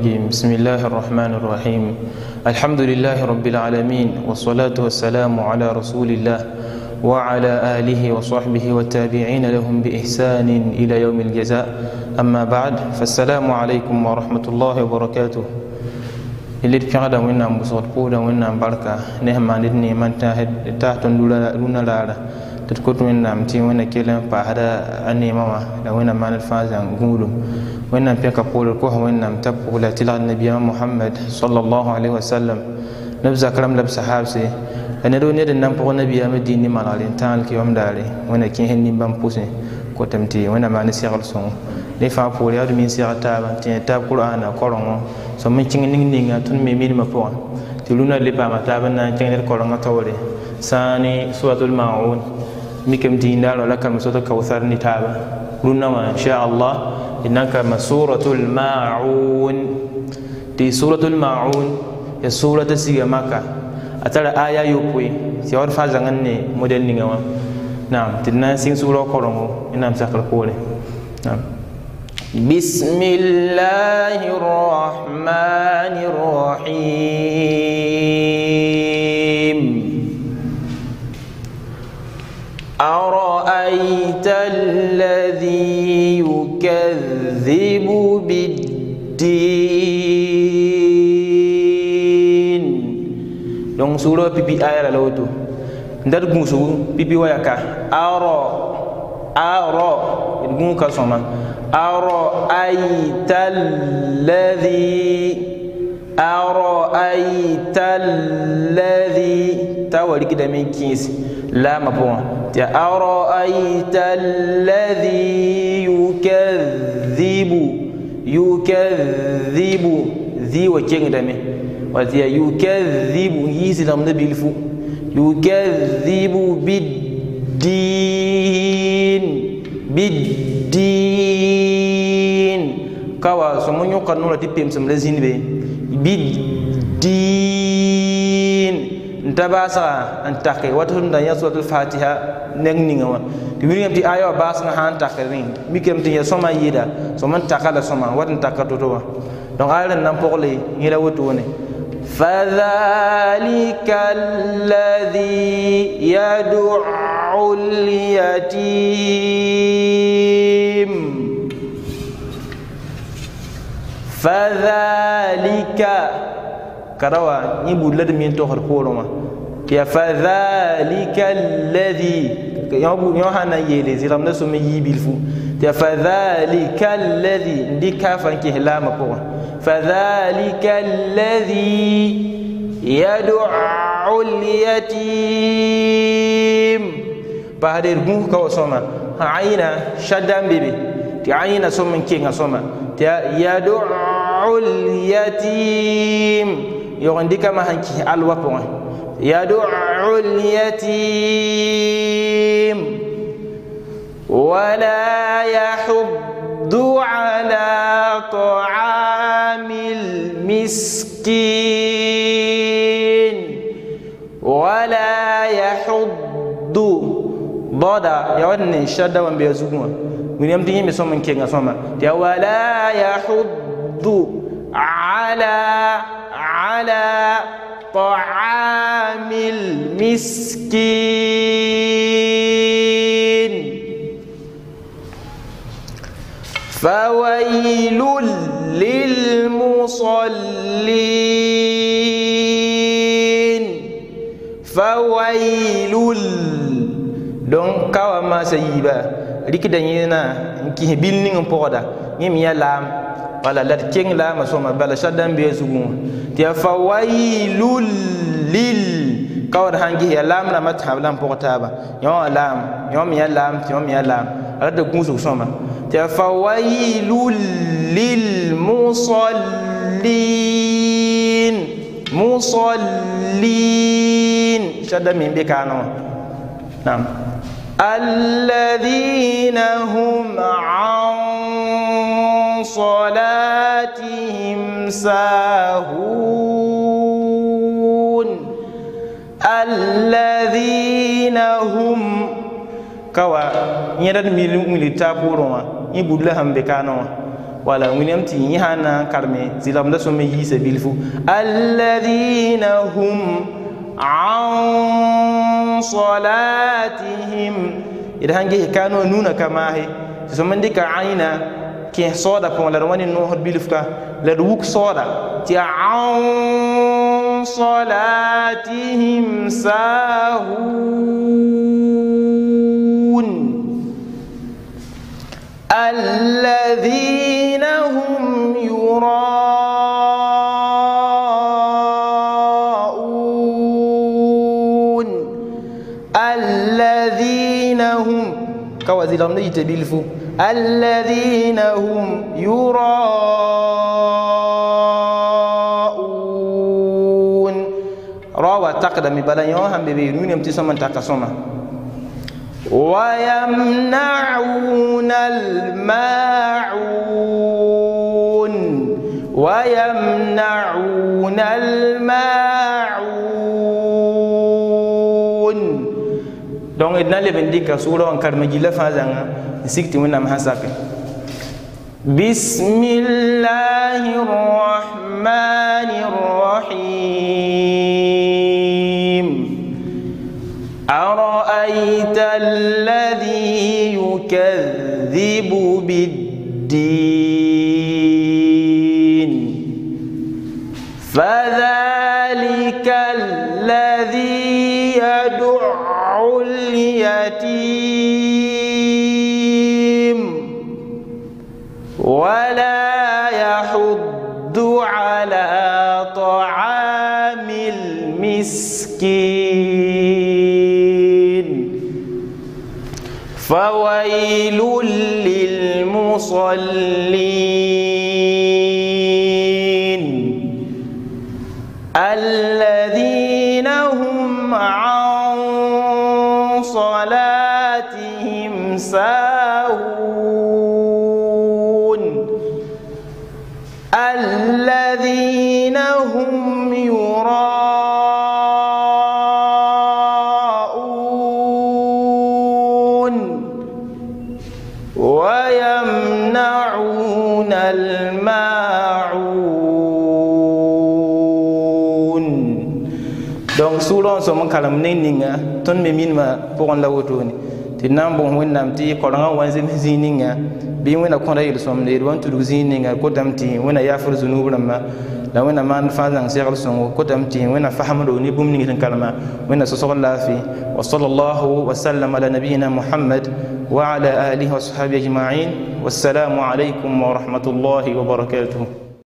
بسم الله الرحمن الرحيم الحمد لله رب العالمين والصلاة والسلام على رسول الله وعلى آله وصحبه والتابعين لهم بإحسان إلى يوم الجزاء أما بعد فالسلام عليكم ورحمة الله وبركاته اللي تفعل وإنا مصر قولا أم بركة نهما ندني إذن من تحت لنا لعلا تتكت وإنا متين وإنا كلا فأحدا أني ماما لو إنا ما نتفاز عن wannan peka polo ko wannan tab wala tila nabiya muhammad sallallahu alaihi wasallam nabza karam lab sahabse ne do ne nan po nabiya ma dini malalin tan ki yom dare wana kin hin nim bam puse ko tamti wana ma ne sigal son ne fa polo ya min sigal ta ban tin ta qur'ana koron so min kin ning ninga tun me min ma po ti luna le pa ma ta ban nan tin ne koron tawre sani suratul maun mikem din dalo la kam sota kawsar ni ta قلنا نعم إن شاء الله إنك مسورة الماعون دي سورة الماعون يا سورة سيغا مكة أترى آية يوكوي سيور فازغني موديل نيغوا نعم تدنا سين سورة كورونغو إنام ساكر كوري نعم بسم الله الرحمن yong suro pipi ayara la ndar gusu pipi wayaka aro aro gun ka soma aro aital ladhi araita alladhi tawari kida min kins la mapon ya araita alladhi yukadhibu yukadhibu ذي وكينغدامي والتي يكذب يسلم نبيلفو يكذب بالدين بالدين كوا سمون يقال نورا تبيم سملزين بي بالدين نتباسا انتاكي واتهن دان يسوة الفاتحة نغنين tɩ wilgame tɩ aya wa baasengã sã n takr ne mikame tɩ ya sõma yɩɩda sõm n sõma wat taka to donc a rẽn na n pʋgle yẽla wotone فذلك الذي يدعو اليتيم فذلك كروا يبود لد من تخر كورما يا فذلك الذي يوحنا يلي زي رمنا سمي يبيلفو فذلك الذي دي كاف انك هلام قوة فذلك الذي يدعو اليتيم بعدين مو كوا سما عينا شدام بيبي تي عينا سوم من كينا سوما تي يدعو اليتيم يغنديك ما هنكي الوابون يدعو اليتيم ولا يحض على طعام المسكين ولا يحض ضدا يعني الشدة وبيزوجها من يوم تيجي مسوم من كينغ سوما ولا يحض على على طعام المسكين فويل للمصلين فويل donc kawa ma sayiba rikda yẽna n kɩs bil ning n pʋgda yẽ mi yaa laam wala la d keng laamã sõma bala sadã n bee zugẽ wã tɩ yaa fa wailul lil kawad sãn ges yaa laam rãmbã tɩ sãb la n pʋg taaba yõ laam yõ mi yaa laam tɩ yõ mi yaa laam rada gũusg sõma فويل للمصلين مصلين شد من بك عنه نعم الذين هم عن صلاتهم ساهون الذين هم كوا يرد ملي تابوروا yẽ bud la sẽn be kaanã wã wala wẽnem tɩ yẽ sã na n karme zɩlamda sõme yiisa bilfu alladina hum an salatihim d sãn ges kaanẽ wã nuunã ka maase tɩ sõm n dɩka ãyna kẽes soada pʋgẽ la d wa ne noosd bilfka la d wuk soada tɩ an salatihim saahun الذين هم يراءون الذين هم كوازيلا منيت بيلفو الذين هم يراءون روى تقدم بلا يوهم ببيرون يمتسما تقسما ويمنعون الماعون ويمنعون الماعون دونك إدنا بنديك سورة وانكار لفا فازانا نسيكتي من نمحسك بسم الله الرحمن فذلك الذي يدع اليتيم ولا يحض على طعام المسكين فويل للمصلين الذين هم عن صلاتهم ساهون الذين donc suurã n sõm n karem ne ninga tõnd me minimã pʋgẽ la wotone tɩ d na n bõs wẽnnaam tɩ koarengã wa n zems zĩig ninga bɩ wẽna kõda yel-sõamd yel-wa n tudg zĩig ninga kotame tɩ wẽna yaafr zunuub rãmbã la wẽnna maan fãa zãng segl sõngo kotame tɩ wẽna fasemdo ne bũmb ning sẽn karema wẽnna sõsg n laafɩ wa sal llah wasalam ala nabiyina mohammad wa ala alihi wa sahabi ajmain wasalamu alaykum wa rahmatullahi wa barakatuh